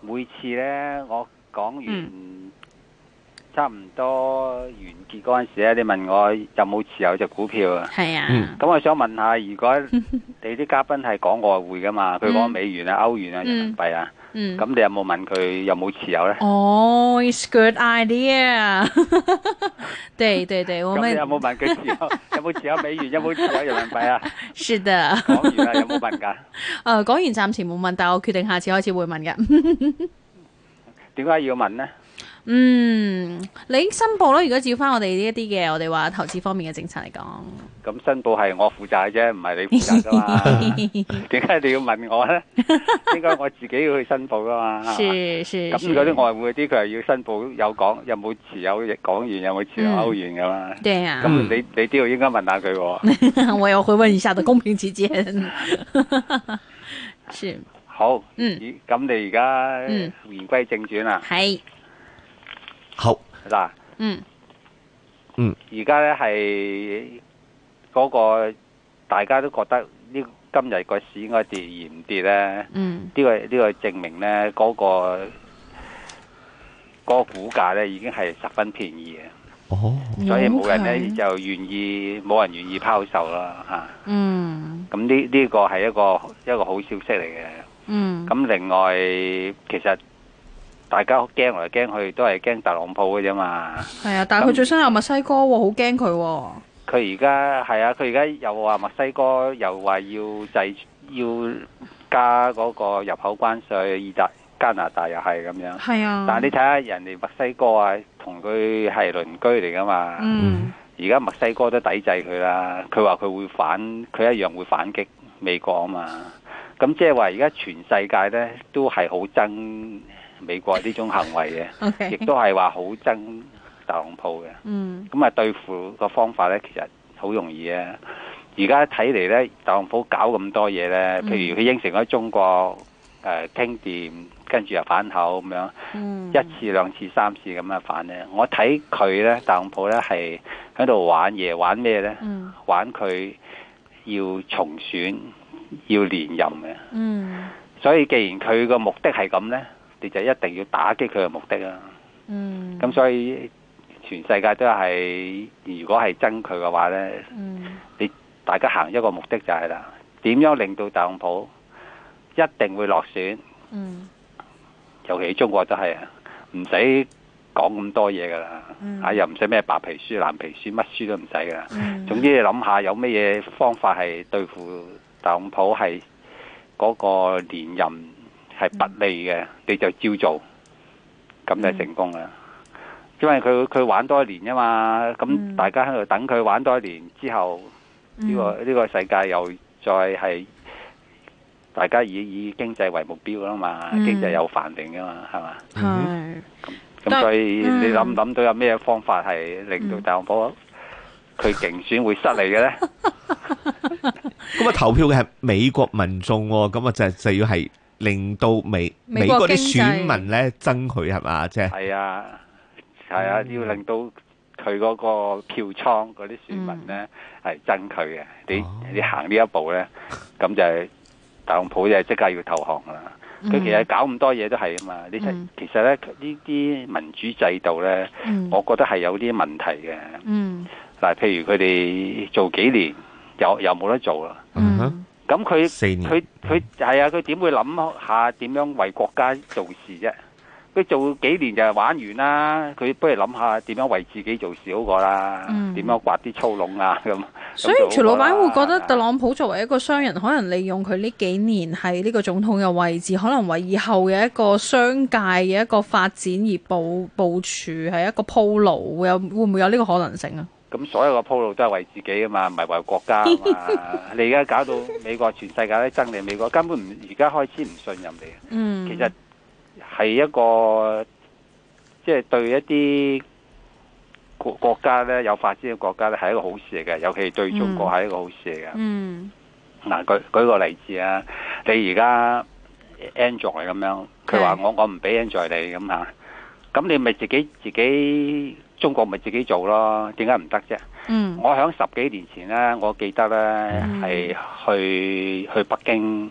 每次呢，我講完差唔多完結嗰陣時咧，嗯、你問我有冇持有隻股票啊？係啊，咁我想問下，如果你啲嘉賓係講外匯噶嘛？佢講、嗯、美元啊、歐元啊、人民幣啊。嗯咁、嗯、你有冇問佢有冇持有咧？哦 it's a good idea. 對 對對，咁你有冇問佢持有 有冇持有美元，有冇持有人民幣啊？是的。講、呃、完啦，有冇問噶？誒，講完暫時冇問，但我決定下次開始會問嘅。點 解要問呢？嗯，你申報咯。如果照翻我哋呢一啲嘅，我哋話投資方面嘅政策嚟講，咁申報係我負責啫，唔係你負責噶嘛、啊？點解 你要問我咧？ 應該我自己要去申報噶嘛？是咁嗰啲外匯啲，佢係要申報有港，有冇持有港元，有冇持有歐元噶嘛、嗯？對啊。咁你你都要應該問下佢喎。 我又去問一下，都公平起見、啊嗯。是。好。咁你而家言歸正傳啊。係。好嗱，嗯嗯，而家咧係嗰個大家都覺得呢今日個市應該跌而唔跌咧，嗯，呢個呢個證明咧嗰個嗰個股價咧已經係十分便宜啊，哦，所以冇人咧就願意，冇人願意拋售啦吓，嗯，咁呢呢個係一個一個好消息嚟嘅。嗯，咁另外其實。大家驚來驚去，都係驚特朗普嘅啫嘛。係啊，但係佢最新有墨西哥、哦，好驚佢。佢而家係啊，佢而家又話墨西哥又話要制要加嗰個入口關稅，意大加拿大又係咁樣。係啊，但係你睇下人哋墨西哥啊，同佢係鄰居嚟噶嘛。嗯，而家墨西哥都抵制佢啦，佢話佢會反，佢一樣會反擊美國啊嘛。咁即係話，而家全世界咧都係好憎。美國呢種行為嘅 Okay，亦都係話好憎特朗普嘅。嗯，咁啊對付個方法呢，其實好容易啊！而家睇嚟呢，特朗普搞咁多嘢呢，譬如佢應承咗中國誒傾掂，跟住又反口咁樣，一次、兩次、三次咁樣反呢。我睇佢呢，特朗普呢係喺度玩嘢，玩咩呢？玩佢要重選，要連任嘅。嗯，所以既然佢個目的係咁呢。你就一定要打擊佢嘅目的啊。嗯，咁所以全世界都係，如果係爭佢嘅話呢，嗯，你大家行一個目的就係啦，點樣令到特朗普一定會落選？嗯，尤其中國都係啊，唔使講咁多嘢噶啦。啊、嗯、又唔使咩白皮書、藍皮書，乜書都唔使噶啦。嗯，總之你諗下有咩嘢方法係對付特朗普係嗰個連任係不利嘅，你就照做，咁就成功啦。因為佢佢玩多一年吖嘛，咁大家喺度等佢玩多一年之後，呢個呢個世界又再係大家以以經濟為目標噶嘛，經濟又繁榮噶嘛，係嘛？係。咁所以你諗唔諗到有咩方法係令到特朗普佢競選會失利嘅呢？咁啊，投票嘅係美國民眾，咁啊，就就要係。令到美美國啲選民咧憎佢係嘛，即係係啊，係啊，要令到佢嗰個票倉嗰啲選民咧係憎佢嘅，你你行呢一步咧，咁就係特朗普就即刻要投降啦。佢其實搞咁多嘢都係啊嘛，你其實其實咧呢啲民主制度咧，我覺得係有啲問題嘅。嗯，嗱，譬如佢哋做幾年又又冇得做啦。嗯哼。咁佢佢佢係啊！佢點會諗下點樣為國家做事啫？佢做幾年就玩完啦！佢不如諗下點樣為自己做事好過啦？點、嗯、樣刮啲粗龍啊咁？所以徐老闆會覺得特朗普作為一個商人，可能利用佢呢幾年係呢個總統嘅位置，可能為以後嘅一個商界嘅一個發展而佈部，部署，係一個鋪路，有會唔會有呢個可能性啊？咁所有嘅鋪路都係為自己㗎嘛，唔係為國家㗎嘛。 你而家搞到美國全世界都憎你，美國根本唔而家開始唔信任你啊。嗯、其實係一個即係、就是、對一啲國國家咧有發展嘅國家咧係一個好事嚟嘅，尤其是對中國係一個好事嚟嘅。嗱、嗯嗯啊，舉舉個例子啊，你而家 Android 咁樣，佢話是我我唔俾 Android 你咁嚇。咁你咪自己自己中國咪自己做咯，點解唔得啫？我喺十幾年前咧，我記得咧係去去北京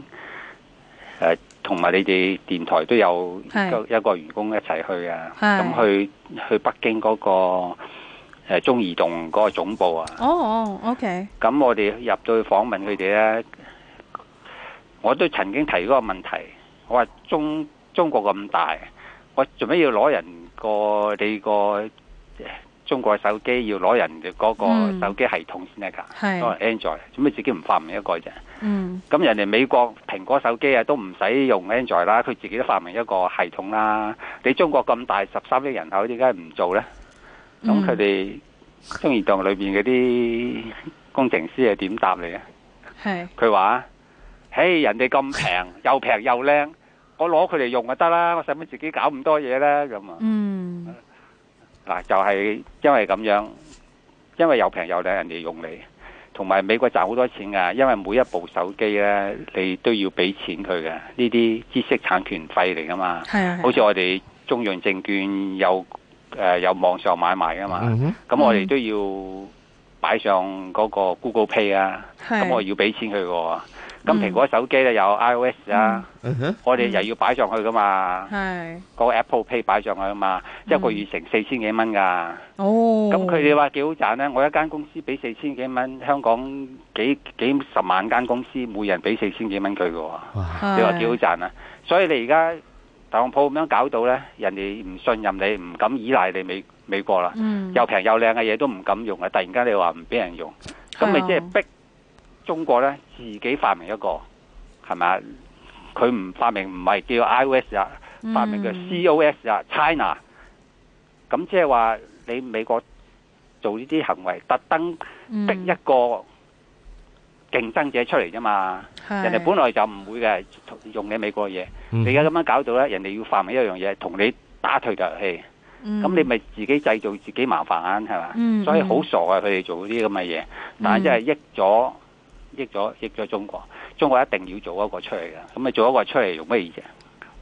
誒，同埋你哋電台都有一個員工一齊去嘅。咁去去北京嗰個誒中移動嗰個總部啊。哦，OK。咁我哋入到去訪問佢哋咧，我都曾經提過嗰個問題，我話中中國咁大。我做咩要攞人個你個中國手機，要攞人嘅嗰個手機系統先得㗎？都係 Android，做咩自己唔發明一個啫？咁、嗯、人哋美國蘋果手機啊都唔使用，用 Android 啦，佢自己都發明一個系統啦。你中國咁大十三億人口，點解唔做呢？咁佢哋中移動裏邊嗰啲工程師係點答你咧？佢話的：，嘿，人哋咁平， 又平又靚。我攞佢嚟用就得啦，我使乜自己搞咁多嘢呢？咁啊？嗱，就係因為咁樣，因為又平又靚人哋用你，同埋美國賺好多錢噶，因為每一部手機呢，你都要俾錢佢嘅，呢啲知識產權費嚟噶嘛。係啊，好似我哋中原證券有誒有網上買賣噶嘛，咁我哋都要擺上嗰個 Google Pay 啊，咁我要俾錢佢個。咁蘋果手機咧有 iOS 啊，嗯、我哋又要擺上去噶嘛，嗯、個 Apple Pay 擺上去啊嘛，一是個月成四千幾蚊噶。哦、嗯，咁佢哋話幾好賺咧？我一間公司俾四千幾蚊，香港幾，幾十萬間公司每人俾四千幾蚊佢㗎喎。哇，你話幾好賺啊？是所以你而家特朗普咁樣搞到咧，人哋唔信任你，唔敢依賴你美美國啦。嗯、又平又靚嘅嘢都唔敢用啊！突然間你話唔俾人用，咁你即係逼。中國咧自己發明一個係嘛？佢唔發明唔係叫 iOS 啊，發明嘅 COS 啊，China。咁即係話你美國做呢啲行為，特登逼一個競爭者出嚟啫嘛。嗯、人哋本來就唔會嘅用你美國嘢，嗯、你而家咁樣搞到咧，人哋要發明一樣嘢同你打退卻器，咁、嗯、你咪自己製造自己麻煩係、啊、嘛？嗯、所以好傻啊！佢哋做啲咁嘅嘢，但係真係益咗。益咗，益咗中國，中國一定要做一個出嚟噶。咁咪做一個出嚟用乜嘢？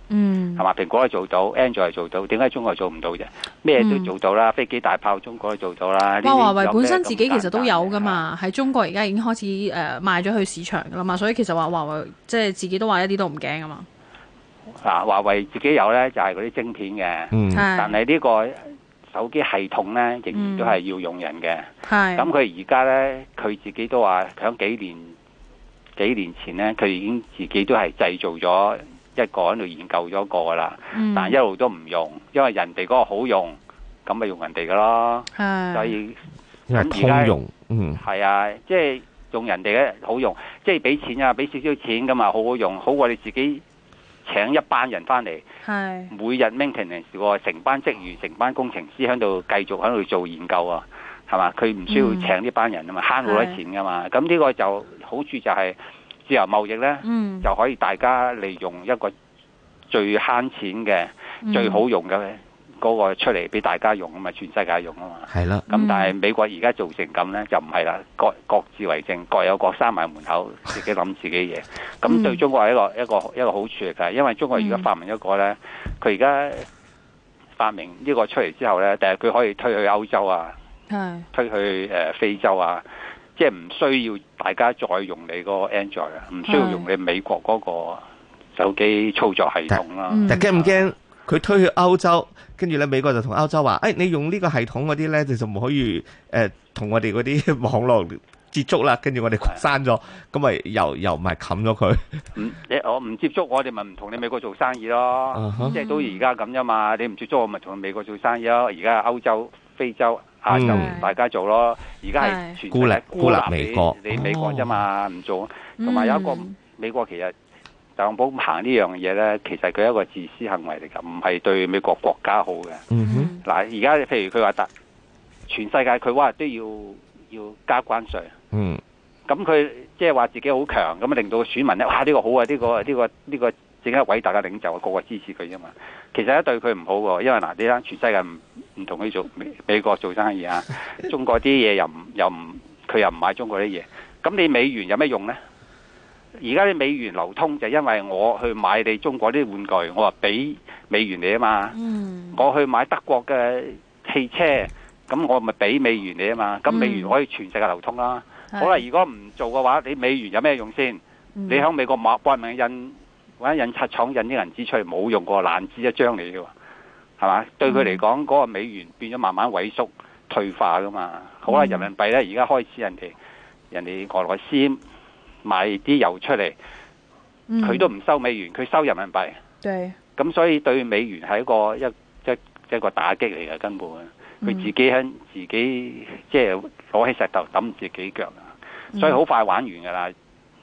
嗯，係嘛？蘋果係做到，Android 係做到，點解中國做唔到啫？咩都做到啦，嗯、飛機大炮中國係做到啦。哇，華為本身自己其實都有噶嘛，喺中國而家已經開始誒、呃、賣咗去市場噶啦嘛，所以其實話華為即係自己都話一啲都唔驚啊嘛。嗱、啊，華為自己有咧，就係嗰啲晶片嘅，嗯、但係呢、呢個。手機系統咧，仍然都係要用人嘅。係、嗯。咁佢而家咧，佢自己都話響幾年幾年前咧，佢已經自己都係製造咗一個喺度研究咗一個啦。嗯、但係一路都唔用，因為人哋嗰個好用，咁咪用人哋嘅咯。係。就係。因為通用。嗯。係啊，即係用人哋嘅好用，即係俾錢啊，俾少少錢咁啊，好好用，好過你自己。請一班人翻嚟，是每日 maintenance，個成班職員、成班工程師喺度繼續喺度做研究啊，係嘛？佢唔需要請呢班人啊嘛，慳好、嗯、多錢㗎嘛。咁呢是個就好處就係自由貿易咧，嗯、就可以大家利用一個最慳錢嘅、嗯、最好用嘅。嗰個出嚟俾大家用啊嘛，全世界用啊嘛，係啦的。咁但係美國而家做成咁呢，就唔係啦，各各自為政，各有各閂埋門口，自己諗自己嘢。咁對中國係一個、嗯、一個一個好處嚟㗎，因為中國而家發明一個呢，佢而家發明呢個出嚟之後呢，但係佢可以推去歐洲啊，的推去誒非洲啊，即係唔需要大家再用你嗰個 Android 啊，唔需要用你美國嗰個手機操作系統啦、啊。的以但驚唔驚？佢推去歐洲，跟住咧美國就同歐洲話，誒，你用呢個系統嗰啲咧，你就唔可以誒同我哋嗰啲網絡接觸啦。跟住我哋刪咗，咁咪又又唔係冚咗佢。唔，你我唔接觸，我哋咪唔同你美國做生意咯。即係都而家咁啫嘛，你唔接觸，我咪同你美國做生意咯。而家係歐洲、非洲、亞洲大家做咯。而家係孤立孤立美國，你美國啫嘛，唔做。同埋有一個美國其實。特朗普行呢樣嘢呢，其實佢係一個自私行為嚟噶，唔係對美國國家好嘅。嗱、mm，而、hmm. 家譬如佢話大全世界佢哇都要要加關稅。嗯、mm，咁佢即係話自己好強，咁令到選民呢哇呢、這個好啊，呢個呢個呢個，這個這個、自己偉大嘅領袖啊，個個支持佢啊嘛。其實咧對佢唔好，因為嗱啲啦，全世界唔唔同佢做美美國做生意啊，中國啲嘢又唔又唔，佢又唔買中國啲嘢。咁你美元有咩用呢？而家啲美元流通就係、因為我去買你中國啲玩具，我話俾美元你啊嘛。嗯、我去買德國嘅汽車，咁我咪俾美元你啊嘛。咁美元可以全世界流通啦。嗯、好啦，如果唔做嘅話，你美元有咩用先？的你喺美國買，揾印揾印刷廠印啲銀紙出嚟冇用過，爛紙一張嚟嘅，係嘛？嗯、對佢嚟講，嗰、嗰個美元變咗慢慢萎縮、退化噶嘛。好啦，人民幣咧，而家開始人哋人哋俄羅斯，賣啲油出嚟，佢都唔收美元，佢收人民幣、嗯。對，咁所以對美元係一個一，即係一個打擊嚟嘅，根本佢自己喺、嗯、自己即係攞起石頭揼住自己腳，所以好快玩完噶啦。嗯、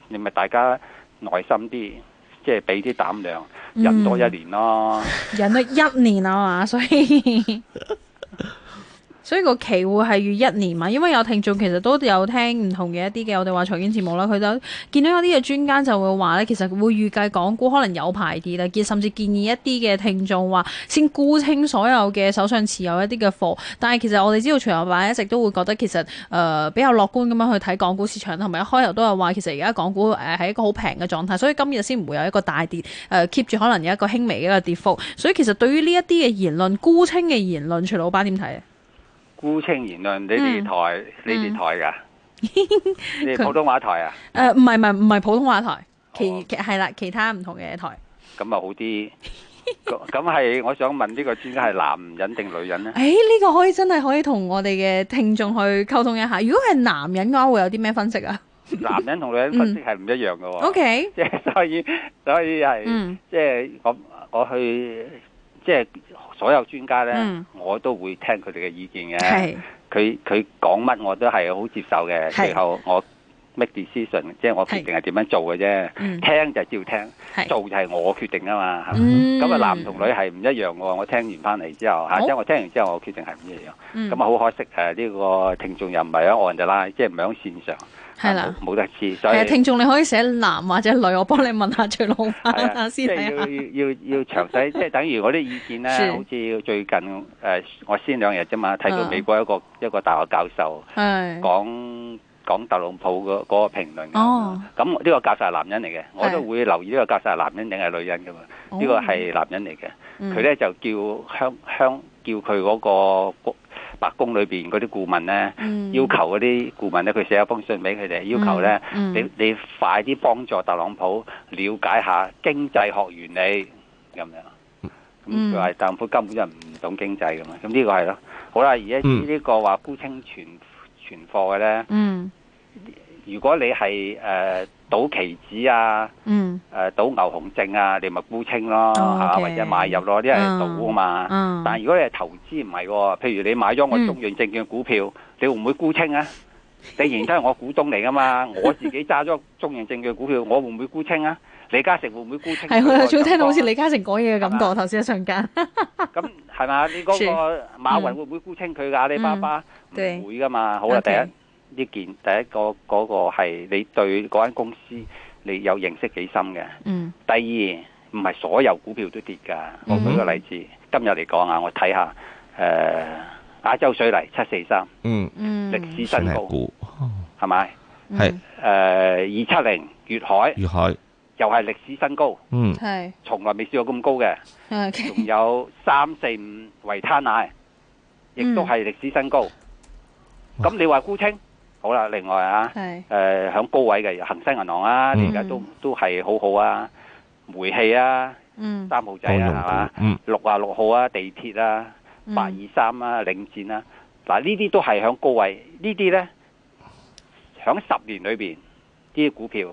你咪大家耐心啲，即係俾啲膽量，忍多一年咯，嗯、忍多一年啊嘛，所以。所以個期會係月一年嘛？因為有聽眾其實都有聽唔同嘅一啲嘅，我哋話財經節目啦，佢就見到有啲嘅專家就會話咧，其實會預計港股可能有排跌啦，甚至建議一啲嘅聽眾話先沽清所有嘅手上持有一啲嘅貨。但係其實我哋知道，徐老闆一直都會覺得其實誒、呃、比較樂觀咁樣去睇港股市場啦。同埋一開頭都係話，其實而家港股誒係一個好平嘅狀態，所以今日先唔會有一個大跌誒，keep 住可能有一個輕微嘅一個跌幅。所以其實對於呢一啲嘅言論沽清嘅言論，徐老闆點睇啊？呼稱言論呢啲台，呢啲台㗎，呢啲普通話台啊？誒，唔係唔係唔係普通話台，其其係啦，其他唔同嘅台。咁啊，好啲。咁咁係，我想問呢個專家係男人定女人咧？誒，呢個可以真係可以同我哋嘅聽眾去溝通一下。如果係男人嘅話，會有啲咩分析啊？男人同女人分析係唔一樣㗎喎。OK，即係所以，所以係，即係我我去即係。所有專家咧，嗯、我都會聽佢哋嘅意見嘅。佢佢是講乜我都係好接受嘅。最是後我 make decision，即係是我決定係點樣做嘅啫。嗯、聽就照聽，是做就係我決定啊嘛。咁啊、嗯那個、男同女係唔一樣喎。我聽完翻嚟之後，嚇即係我聽完之後，我決定係唔一樣。咁啊好可惜誒！呢個聽眾又唔係喺岸人就拉，即係唔喺線上。係啦，冇得知。所以誒，聽眾你可以寫男或者女，我幫你問下特朗普先。即係要要要要詳細，即係等於我啲意見啦。好似最近誒，我先兩日啫嘛，睇到美國一個一個大學教授講講特朗普嗰嗰個評論。哦，咁呢個教授係男人嚟嘅，我都會留意呢個教授係男人定係女人噶嘛？呢個係男人嚟嘅，佢咧就叫香香叫佢嗰個，白宮裏邊嗰啲顧問咧、嗯，要求嗰啲顧問咧，佢寫一封信俾佢哋，要求咧，你你快啲幫助特朗普了解下經濟學原理咁樣。咁佢話特朗普根本就唔懂經濟噶嘛，咁呢個係咯。好啦，而家呢個話沽清全全貨嘅咧，嗯、如果你係誒。呃賭期指啊，嗯，誒，賭牛熊證啊，你咪沽清咯，吓，或者買入咯，啲人係賭啊嘛。但係如果你係投資唔係喎，譬如你買咗我中潤證券股票，你會唔會沽清啊？你然之後係，我股東嚟噶嘛我自己揸咗中潤證券股票，我會唔會沽清啊？李嘉誠會唔會沽清？係，我又早聽到好似李嘉誠講嘢嘅感覺，頭先一瞬間。咁係嘛？你嗰個馬雲會唔會沽清佢嘅阿里巴巴？唔會噶嘛，好啦，第一。呢件第一個嗰、嗰個係你對嗰間公司你有認識幾深嘅？嗯。第二唔係所有股票都跌㗎。嗯、我舉個例子，今日嚟講啊，我睇下誒亞、呃、亞洲水泥七四三，嗯嗯，歷史新高，係咪？係誒二七零粵海，粵海又係歷史新高，嗯係，從來未試過咁高嘅。仲 Okay. 有三四五維他奶，亦都係歷史新高。咁哇你話沽清？好啦，另外啊，誒喺是、呃、高位嘅恒生銀行啊，而家、嗯、都都係好好啊，煤氣啊，嗯、三號仔啊，係嘛，六啊六號啊，地鐵啊，八二三啊，嗯、領展啊，嗱呢啲都係喺高位，這些呢啲咧喺十年裏邊啲股票，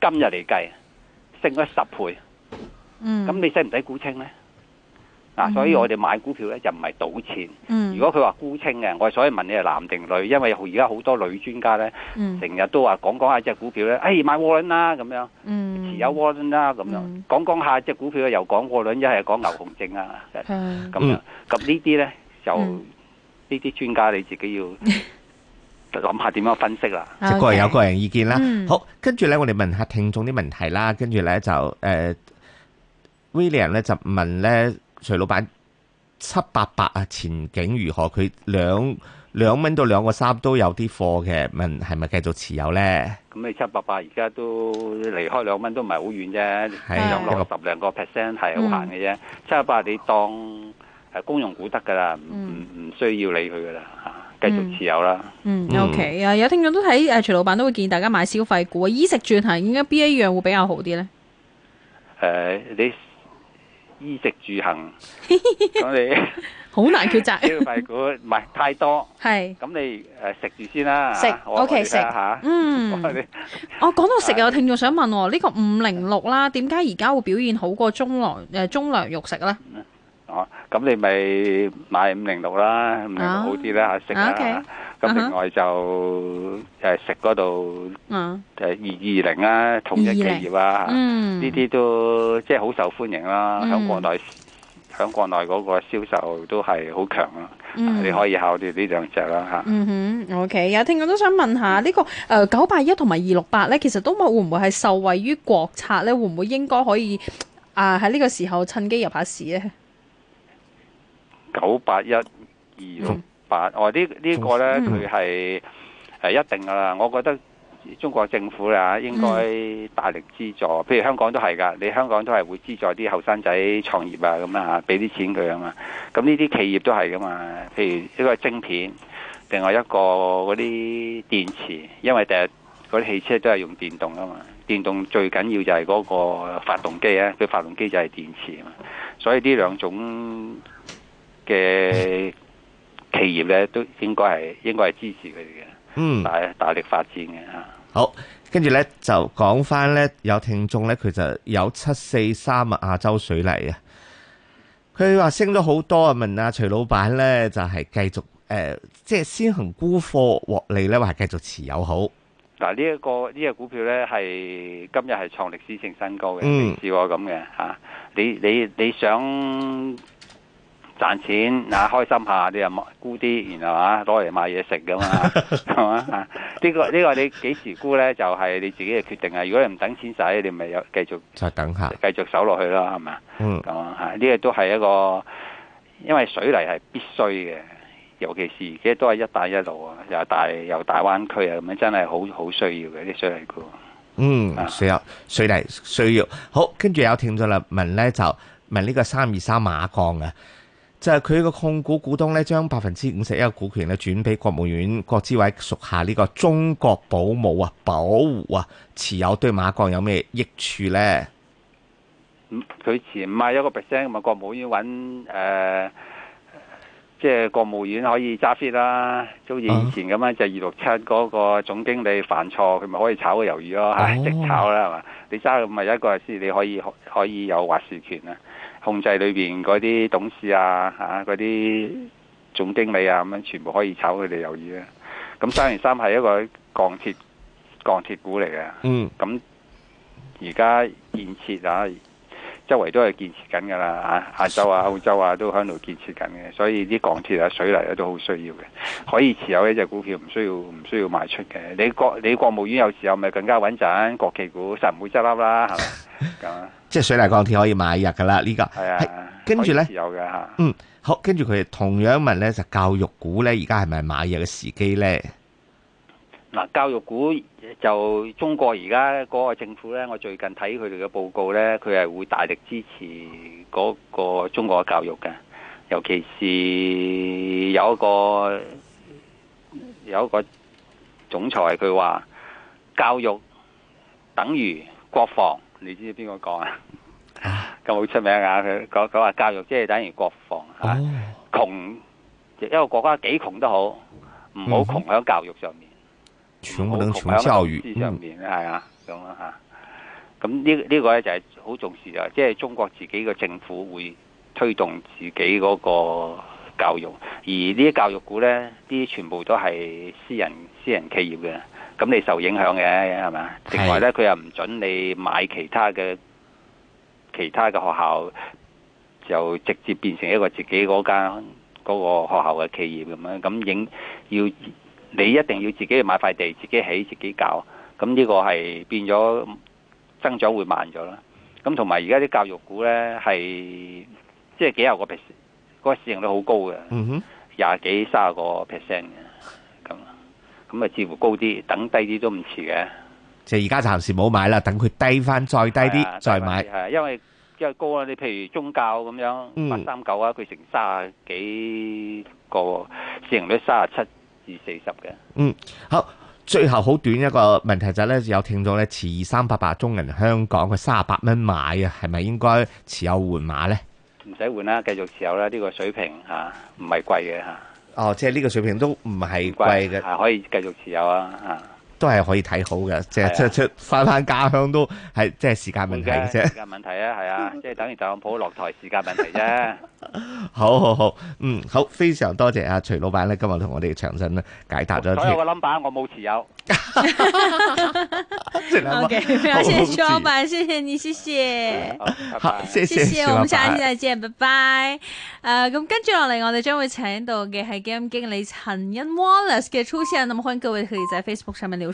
今日嚟計升咗十倍，咁、嗯、你使唔使沽清咧？嗱，所以我哋買股票咧就唔係賭錢。如果佢話沽清嘅，我所以問你係男定女，因為而家好多女專家咧，成日都話講講下隻股票咧，誒買窩輪啦咁樣，持有窩輪啦咁樣，講講下隻股票又講窩輪，一係講牛熊證啊咁樣。咁呢啲咧就呢啲專家你自己要諗下點樣分析啦，即係個人有個人意見啦。好，跟住咧我哋問下聽眾啲問題啦，跟住咧就誒 William 咧就問咧。徐老闆七百八啊，前景如何？佢兩兩蚊到兩個三都有啲貨嘅，問係咪繼續持有咧？咁你七百八,八離不而家都離開兩蚊都唔係好遠啫，係落落十零個 percent 係好閒嘅啫。嗯、七百八你當係公用股得噶啦，唔唔、嗯、需要理佢噶啦，吓繼續持有啦。o K 啊，okay, 有聽眾都睇誒，徐老闆都會建議大家買消費股，衣食住行，應該邊一樣會比較好啲咧。誒、呃，你。衣食住行，我哋好難抉擇。消費股唔係太多，係咁，你誒食住先啦。食，OK，食吓，嗯，我講到食，有聽眾想問喎，呢個五零六啦，點解而家會表現好過中糧，誒中糧肉食咧？哦，咁你咪買五零六啦，五零六好啲咧吓，食啊。咁、啊、另外就誒食嗰度誒二二零啊，統一、啊、企業啊，呢啲、嗯、都即係好受歡迎啦。喺、嗯、國內喺國內嗰個銷售都係好強啊。嗯、你可以考慮呢兩隻啦嚇。嗯哼，OK。有聽我都想問下、這個呃、呢個誒九八一同埋二六八咧，其實都冇會唔會係受惠於國策咧？會唔會應該可以啊？喺、呃、呢個時候趁機入下市咧？九八一，二六。哦，呢呢個呢，佢係係一定噶啦。我覺得中國政府啊，應該大力資助。譬如香港都係噶，你香港都係會資助啲後生仔創業啊咁啊，俾啲錢佢啊嘛。咁呢啲企業都係噶嘛。譬如一個晶片，另外一個嗰啲電池，因為第日嗰啲汽車都係用電動噶嘛。電動最緊要就係嗰個發動機啊，佢發動機就係電池啊嘛。所以呢兩種嘅。企業咧都應該係應該係支持佢哋嘅，嗯，大大力發展嘅吓。好，跟住咧就講翻咧，有聽眾咧，佢就有七四三啊亞洲水泥啊。佢話升咗好多啊，問阿、啊、徐老闆咧就係、是、繼續誒、呃，即係先行沽貨獲利咧，或係繼續持有好？嗱、啊、呢、這、一個呢、這個股票咧係今日係創歷史性新高嘅，嗯，試過咁嘅吓，你你你想？賺錢啊，開心下啲啊，你沽啲然後啊，攞嚟買嘢食噶嘛，係嘛？ 呢、啊呢個呢、呢個你幾時沽咧？就係、係、你自己嘅決定啊！如果你唔等錢使，你咪有繼續再等下，繼續守落去啦，係咪啊？嗯，咁啊，呢、呢個都係一個，因為水泥係必須嘅，尤其是而家都係一帶一路啊，又大又大灣區啊，咁樣真係好好需要嘅啲水泥股。嗯，是啊，水泥需要。好，跟住有聽咗啦，問咧就問呢個三二三馬鋼啊。就係佢個控股股東咧，將百分之五十一嘅股權咧轉俾國務院國資委屬下呢個中國保母啊，保護啊持有對馬鋼有咩益處呢？佢前五啊一個 percent，咁啊國務院揾誒，即、呃、係、就是、國務院可以揸 fit 啦，都好似以前咁啊，就二六七嗰個總經理犯錯，佢咪可以炒個魷魚咯嚇，直、哦哎、炒啦係嘛？你揸咁咪一個 percent 你可以可以有話事權啊。控制裏邊嗰啲董事啊嚇，嗰啲總經理啊咁樣，全部可以炒佢哋魷魚啊。咁三零三係一個鋼鐵鋼鐵股嚟嘅，嗯，咁而家建設啊。周圍都係建設緊噶啦，啊，亞洲啊、澳洲啊都喺度建設緊嘅，所以啲鋼鐵啊、水泥啊都好需要嘅，可以持有一隻股票，唔需要唔需要賣出嘅。你國你國務院有時候咪更加穩陣，國企股實唔會執笠啦，係咪？咁 即係水泥、鋼鐵可以買入噶啦，這個啊、呢個係跟住咧，持有嗯，好，跟住佢同樣問咧就教育股咧，而家係咪買入嘅時機咧？嗱，教育股就中國而家嗰個政府呢，我最近睇佢哋嘅報告呢，佢係會大力支持嗰個中國嘅教育嘅，尤其是有一個有一個總裁佢話教育等於國防，你知唔知邊個講啊？咁 好出名啊！佢講話教育即係等於國防嚇，啊、窮一個國家幾窮都好，唔好窮喺教育上面。全部都窮教育上邊係啊，咁啦吓。咁呢呢個咧就係好重視就，即係中國自己嘅政府會推動自己嗰個教育，而呢啲教育股呢啲全部都係私人私人企業嘅，咁你受影響嘅係咪？另是外呢，佢又唔准你買其他嘅其他嘅學校，就直接變成一個自己嗰間嗰個學校嘅企業咁樣，咁影要。你一定要自己去買塊地，自己起，自己搞。咁呢個係變咗增長會慢咗啦。咁同埋而家啲教育股咧係即係幾廿個 percent，嗰、那個市盈率好高嘅，廿、嗯、哼幾卅個 percent 嘅。咁咁啊，似乎高啲，等低啲都唔遲嘅。即係而家暫時冇買啦，等佢低返再低啲、啊、再買。係因為因為高啦，你譬如中教咁樣八三九啊，佢、嗯、成卅幾個市盈率卅七。四十嘅，嗯，好，最後好短一個問題就咧，有聽眾咧二三八八中銀香港佢三十八蚊買啊，係咪應該持有換碼咧？唔使換啦，繼續持有啦，呢、這個水平吓唔係貴嘅吓。啊、的哦，即係呢個水平都唔係貴嘅，係貴的可以繼續持有啊，吓、啊、都係可以睇好嘅，即係、啊、即即翻翻家鄉都係即係時間問題嘅啫，時間問題啊，係啊，即係等於特朗普落台時間問題啫。 好好好，嗯，好，非常多謝阿徐老闆咧，今日同我哋詳盡解答咗。所以我 number 我冇持有。O K，多謝徐老闆，謝謝你，謝謝。 好，謝謝，謝謝。我們下次再見，拜拜。誒，咁 拜、呃、跟住落嚟，我哋將會請到嘅係 Game 經理陳恩 Wallace 嘅初聲，咁歡迎各位可以在 Facebook 上面聊。